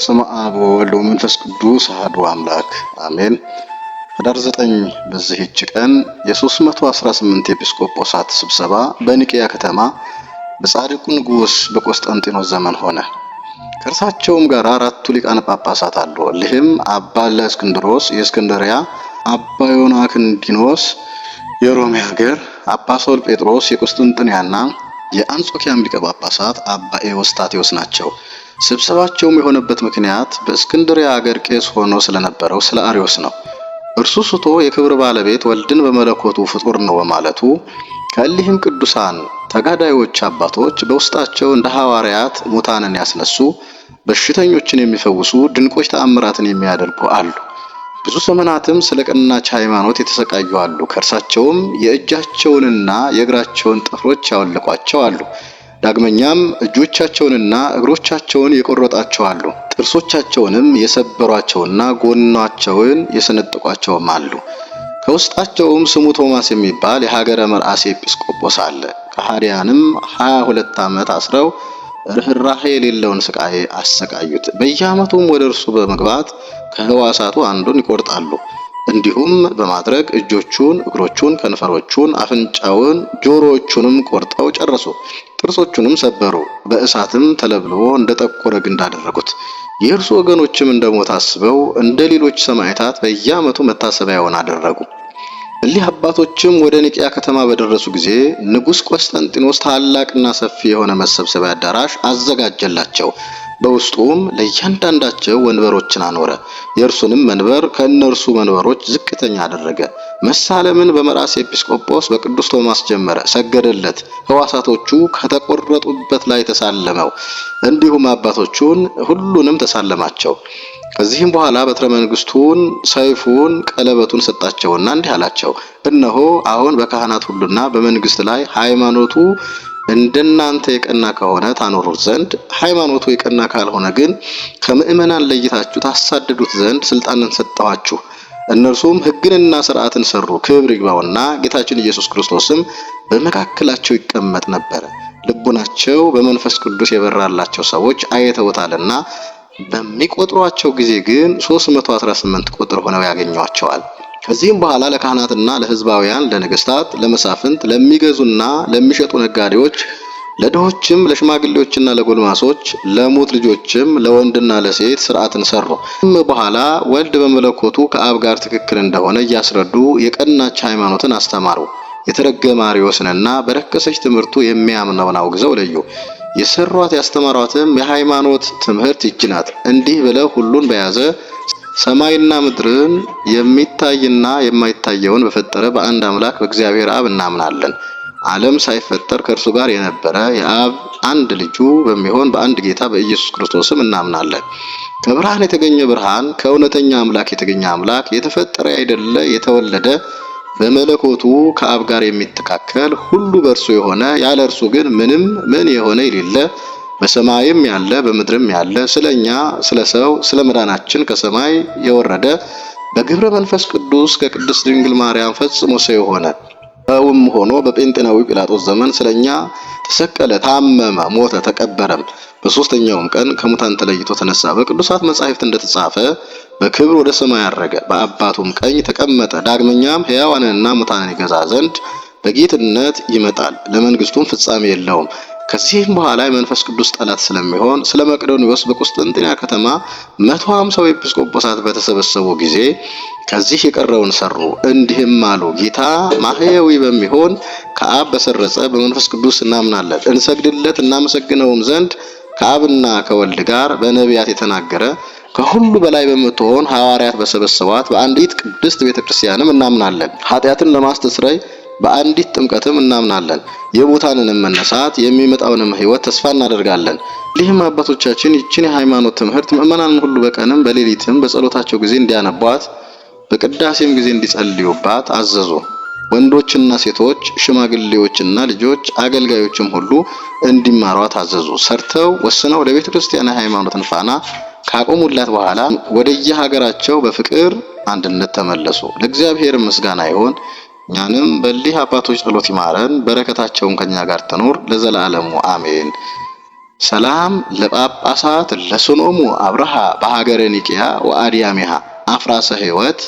በስመ አብ ወወልድ ወመንፈስ ቅዱስ አሐዱ አምላክ አሜን። ህዳር 9 በዚህች ቀን የ318 ኤጲስቆጶሳት ስብሰባ በኒቅያ ከተማ በጻድቁ ንጉሥ በቆስጠንጢኖስ ዘመን ሆነ። ከእርሳቸውም ጋር አራቱ ሊቃነ ጳጳሳት አሉ። እሊህም አባ ለእስክንድሮስ የእስክንድሪያ፣ አባ ክንዲኖስ የሮሜ ሀገር፣ አባ ሰውል ጴጥሮስ የቁስጥንጥንያና የአንጾኪያም ሊቀ ጳጳሳት አባ ኤዎስጣቴዎስ ናቸው። ስብሰባቸውም የሆነበት ምክንያት በእስክንድርያ አገር ቄስ ሆኖ ስለነበረው ስለ አርዮስ ነው። እርሱ ስቶ የክብር ባለቤት ወልድን በመለኮቱ ፍጡር ነው በማለቱ ከእሊህም ቅዱሳን ተጋዳዮች አባቶች በውስጣቸው እንደ ሐዋርያት ሙታንን ያስነሱ፣ በሽተኞችን የሚፈውሱ፣ ድንቆች ተአምራትን የሚያደርጉ አሉ። ብዙ ዘመናትም ስለ ቀናች ሃይማኖት የተሰቃዩ አሉ። ከእርሳቸውም የእጃቸውንና የእግራቸውን ጥፍሮች ያወለቋቸው አሉ። ዳግመኛም እጆቻቸውንና እግሮቻቸውን የቆረጣቸው አሉ፣ ጥርሶቻቸውንም የሰበሯቸውና ጎናቸውን የሰነጠቋቸውም አሉ። ከውስጣቸውም ስሙ ቶማስ የሚባል የሀገረ መርዓሴ ኤጲስቆጶስ አለ። ከሃዲያንም 22 ዓመት አስረው ርኅራሄ የሌለውን ስቃይ አሰቃዩት። በየዓመቱም ወደ እርሱ በመግባት ከህዋሳቱ አንዱን ይቆርጣሉ። እንዲሁም በማድረግ እጆቹን፣ እግሮቹን፣ ከንፈሮቹን፣ አፍንጫውን፣ ጆሮዎቹንም ቆርጠው ጨረሱ። ጥርሶቹንም ሰበሩ። በእሳትም ተለብልቦ እንደ ጠቆረ ግንድ አደረጉት። የእርሱ ወገኖችም እንደ ሞት አስበው እንደ ሌሎች ሰማዕታት በየዓመቱ መታሰቢያውን አደረጉ። እሊህ አባቶችም ወደ ኒቅያ ከተማ በደረሱ ጊዜ ንጉሥ ቆስጠንጢኖስ ታላቅና ሰፊ የሆነ መሰብሰቢያ አዳራሽ አዘጋጀላቸው። በውስጡም ለእያንዳንዳቸው ወንበሮችን አኖረ። የእርሱንም መንበር ከእነርሱ መንበሮች ዝቅተኛ አደረገ። መሳለምን በመራስ ኤጲስቆጶስ በቅዱስ ቶማስ ጀመረ፣ ሰገደለት። ሕዋሳቶቹ ከተቆረጡበት ላይ ተሳለመው። እንዲሁም አባቶቹን ሁሉንም ተሳለማቸው። ከዚህም በኋላ በትረ መንግስቱን፣ ሰይፉን፣ ቀለበቱን ሰጣቸውና እንዲህ አላቸው፣ እነሆ አሁን በካህናት ሁሉና በመንግስት ላይ ሃይማኖቱ እንደናንተ የቀና ከሆነ ታኖሩት ዘንድ፣ ሃይማኖቱ የቀና ካልሆነ ግን ከምእመናን ለይታችሁ ታሳድዱት ዘንድ ስልጣንን ሰጠኋችሁ። እነርሱም ሕግንና ስርዓትን ሰሩ። ክብር ይግባውና ጌታችን ኢየሱስ ክርስቶስም በመካከላቸው ይቀመጥ ነበረ። ልቡናቸው በመንፈስ ቅዱስ የበራላቸው ሰዎች አይተውታልና በሚቆጥሯቸው ጊዜ ግን 318 ቁጥር ሆነው ያገኟቸዋል። ከዚህም በኋላ ለካህናትና ለህዝባውያን፣ ለነገስታት፣ ለመሳፍንት፣ ለሚገዙና ለሚሸጡ ነጋዴዎች፣ ለድሆችም፣ ለሽማግሌዎችና ለጎልማሶች፣ ለሙት ልጆችም ለወንድና ለሴት ስርዓትን ሰሩ። ይህም በኋላ ወልድ በመለኮቱ ከአብ ጋር ትክክል እንደሆነ እያስረዱ የቀናች ሃይማኖትን አስተማሩ። የተረገመ አርዮስንና በረከሰች ትምህርቱ የሚያምነውን አውግዘው ለዩ። የሰሯት ያስተማሯትም የሃይማኖት ትምህርት ይቺ እንዲህ ብለው ሁሉን በያዘ ሰማይና ምድርን የሚታይና የማይታየውን በፈጠረ በአንድ አምላክ በእግዚአብሔር አብ እናምናለን። ዓለም ሳይፈጠር ከእርሱ ጋር የነበረ የአብ አንድ ልጁ በሚሆን በአንድ ጌታ በኢየሱስ ክርስቶስም እናምናለን። ከብርሃን የተገኘ ብርሃን፣ ከእውነተኛ አምላክ የተገኘ አምላክ፣ የተፈጠረ አይደለ የተወለደ በመለኮቱ ከአብ ጋር የሚተካከል ሁሉ በእርሱ የሆነ ያለ እርሱ ግን ምንም ምን የሆነ የሌለ በሰማይም ያለ በምድርም ያለ ስለኛ ስለሰው ስለ ሰው ስለ መዳናችን ከሰማይ የወረደ በግብረ መንፈስ ቅዱስ ከቅድስት ድንግል ማርያም ፈጽሞ ሰው የሆነ ሰውም ሆኖ በጴንጤናዊ ጲላጦስ ዘመን ስለኛ ተሰቀለ፣ ታመመ፣ ሞተ፣ ተቀበረም በሶስተኛውም ቀን ከሙታን ተለይቶ ተነሳ። በቅዱሳት መጻሕፍት እንደተጻፈ በክብር ወደ ሰማይ አረገ፣ በአባቱም ቀኝ ተቀመጠ። ዳግመኛም ሕያዋንንና ሙታንን ይገዛ ዘንድ በጌትነት ይመጣል፣ ለመንግስቱም ፍጻሜ የለውም። ከዚህም በኋላ የመንፈስ ቅዱስ ጠላት ስለሚሆን ስለ መቅዶኒዎስ በቁስጥንጥንያ ከተማ 150 ኤጲስቆጶሳት በተሰበሰቡ ጊዜ ከዚህ የቀረውን ሰሩ። እንዲህም አሉ፣ ጌታ ማህያዊ በሚሆን ከአብ በሰረጸ በመንፈስ ቅዱስ እናምናለን። እንሰግድለት እናመሰግነውም ዘንድ ከአብና ከወልድ ጋር በነቢያት የተናገረ ከሁሉ በላይ በምትሆን ሐዋርያት በሰበሰቧት በአንዲት ቅድስት ቤተክርስቲያንም እናምናለን። ኃጢአትን ለማስተስረይ በአንዲት ጥምቀትም እናምናለን። የሙታንንም መነሳት የሚመጣውንም ሕይወት ተስፋ እናደርጋለን። ይህም አባቶቻችን ይችን የሃይማኖት ትምህርት ምእመናን ሁሉ በቀንም በሌሊትም በጸሎታቸው ጊዜ እንዲያነቧት፣ በቅዳሴም ጊዜ እንዲጸልዩባት አዘዙ። ወንዶችና ሴቶች፣ ሽማግሌዎችና ልጆች፣ አገልጋዮችም ሁሉ እንዲማሯት አዘዙ። ሰርተው ወስነው ለቤተ ክርስቲያን የሃይማኖትን ፋና ካቆሙላት በኋላ ወደየሀገራቸው በፍቅር አንድነት ተመለሱ። ለእግዚአብሔር ምስጋና ይሁን። እኛንም በሊህ አባቶች ጸሎት ይማረን፣ በረከታቸውን ከኛ ጋር ትኖር ለዘላለሙ አሜን። ሰላም ለጳጳሳት ለሶኖሙ አብርሃ በሀገረ ኒቅያ ወአድያሚሃ አፍራሰ ሕይወት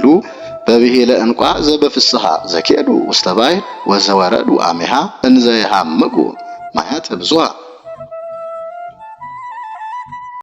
ሉ በብሔለ እንቋ ዘበፍስሐ ዘኬዱ ውስተ ወዘወረዱ አሜሃ እንዘ የሐምቁ ማያተ ብዙሃ